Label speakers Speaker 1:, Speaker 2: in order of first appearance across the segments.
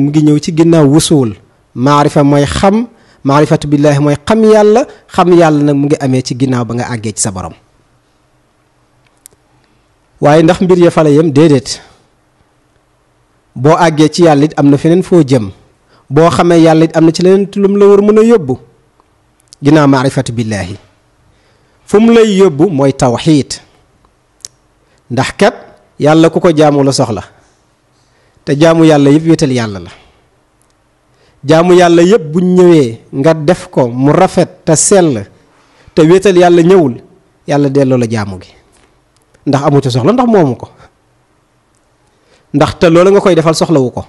Speaker 1: mu ngi ñëw ci ginnaaw wusuwul maarifa mooy xam maarifatu billaahi mooy xam yàlla xam yàlla nag mu ngi amee ci ginnaaw ba nga àggee ci sa borom waaye ndax mbir ya fa yem déedéet boo àggee ci yàlla it am na feneen foo jëm boo xamee yàlla it am na ci leneen tulum la war mën a yóbbu ginnaaw maarifatu billaahi fu lay yóbbu mooy tawxiid ndax kat yàlla ku ko jaamu soxla te jaamu yàlla yëpp wéetal yàlla la jaamu yàlla yëpp bu ñëwee nga def ko mu rafet te sell te wéetal yàlla ñëwul yàlla delloo la jaamu gi ndax amu ci soxla ndax moomu ko ndax te loolu nga koy defal soxlawu ko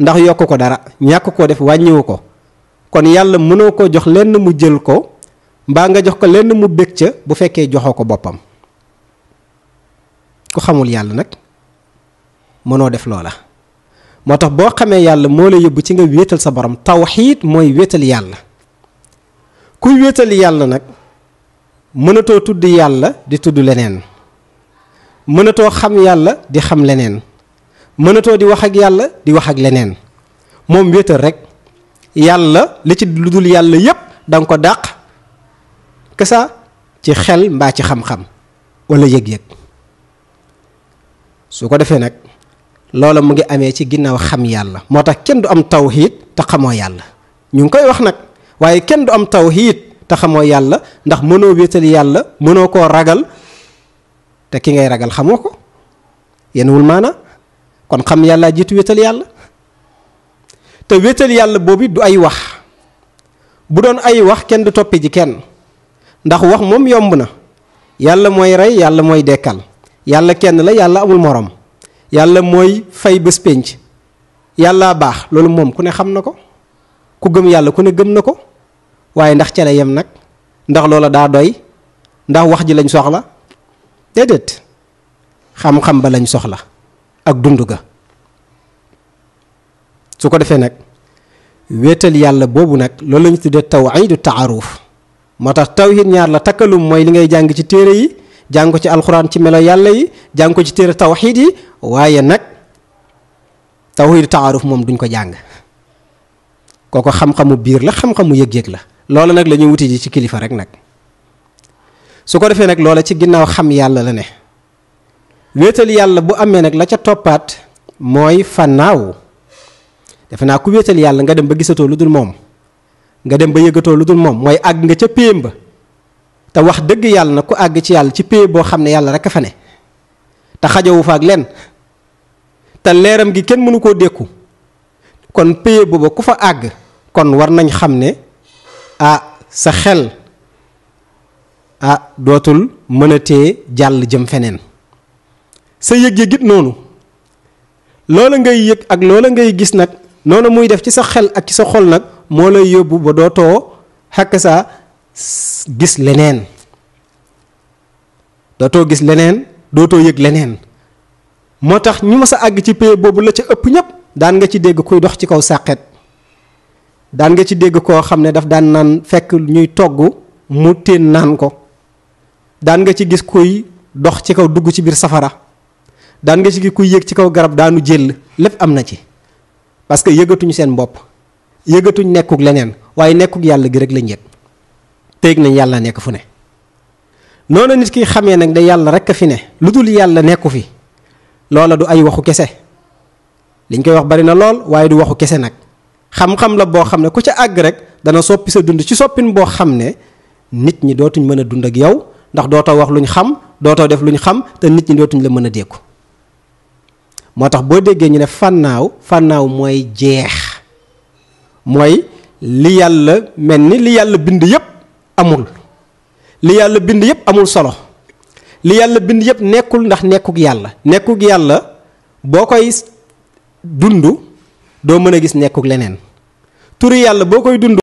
Speaker 1: ndax yokk ko dara ñàkk koo def wàññiwu ko kon yàlla mënoo ko jox lenn mu jël ko mbaa nga jox ko lenn mu bég ca bu fekkee joxoo ko boppam ku xamul yàlla nag mënoo def loola moo tax boo xamee yàlla moo la yóbbu ci nga wéetal sa borom tawxiid mooy wéetal yàlla kuy wéetal yàlla nag mënatoo tudd yàlla di tudd leneen mënatoo xam yàlla di xam leneen mënatoo di wax ak yàlla di wax ak leneen moom wéetal rekk yàlla li ci lu dul yàlla yépp danga ko dàq kesa ci xel mbaa ci xam-xam wala yëg-yëg su ko defee nag loola mu ngi amee ci ginnaaw xam yàlla moo tax kenn du am tawhiid te xamoo yàlla ñu ngi koy wax nag waaye kenn du am tawhiid te xamoo yàlla ndax mënoo wéetal yàlla mënoo koo ragal te ki ngay ragal xamoo ko yenwul maana kon xam yàlla jiitu wéetal yàlla te wéetal yàlla boobu du ay wax bu doon ay wax kenn du toppi ji kenn ndax wax moom yomb na yàlla mooy rey yàlla mooy dekkal yàlla kenn la yàlla amul moroom yàlla mooy fay bés pénc yàlla baax loolu moom ku ne xam na ko ku gëm yàlla ku ne gëm na ko waaye ndax ca yem nag ndax loola daa doy ndax wax ji lañ soxla déedéet xam-xam ba lañ soxla ak dund ga su ko defee nag wéetal yàlla boobu nag loolu lañu tuddee tawhidu taaruf moo tax taw tawhid ñaar la takkalum mooy li ngay jàng ci téere yi jàng ko ci alxuraan ci melo yàlla yi jàng ko ci téere tawxiid yi waaye nag tawxiid taaruf moom duñ ko jàng kooko xam-xamu biir la xam-xamu yëg-yëg la loola nag lañuy ñuy wuti ci kilifa rek nag su ko defee nag loola ci ginnaaw xam yàlla la ne wéetal yàlla bu amee nag la ca toppaat mooy fannaaw defe naa ku wéetal yàlla nga dem ba gisatoo lu dul moom nga dem ba yëgatoo lu dul moom mooy àgg nga ca péem ba te wax dëgg yàlla na ku àgg ci yàlla ci pay boo xam ne yàlla rek a fa ne te xajowu fa ak leen te leeram gi kenn mënu koo dékku kon pay booba ku fa àgg kon war nañ xam ne ah sa xel ah dootul mënatee jàll jëm feneen sa yëg-yëg it noonu loola ngay yëg ak loola ngay gis nag noona muy def ci sa xel ak ci sa xol nag moo lay yóbbu ba dootoo xàkk saa gis leneen dootoo gis leneen dootoo yëg leneen moo tax ñu mës a àgg ci pay boobu la ca ëpp ñëpp daan nga ci dégg kuy dox ci kaw sàqet daan nga ci dégg koo xam ne daf daan naan fekk ñuy togg mu téen naan ko daan nga ci gis kuy dox ci kaw dugg ci biir safara daan nga ci gis kuy yëg ci kaw garab daanu jël lépp am na ci parce que yëgatuñu seen bopp yëgatuñ nekkuk leneen waaye nekkuk yàlla gi rek la yëg teeg nañ yàlla nekk fu ne noonu nit ki xamee nag da yàlla rek a fi ne lu dul yàlla nekku fi loola du ay waxu kese liñ koy wax bari na lool waaye du waxu kese nag xam-xam la boo xam ne ku ca àgg rek dana soppi sa dund ci soppin boo xam ne nit ñi dootuñ mën a dund ak yow ndax dootoo wax luñ xam dootoo def luñ xam te nit ñi dootuñ la mën a dékku moo tax boo déggee ñu ne fànnaaw fànnaaw mooy jeex mooy li yàlla mel ni li yàlla bind yépp amul li yàlla bind yëpp amul solo li yàlla bind yëpp nekkul ndax nekkuk yàlla nekkuk yàlla boo koy dund doo mën a gis nekkuk leneen turu yàlla boo koy dund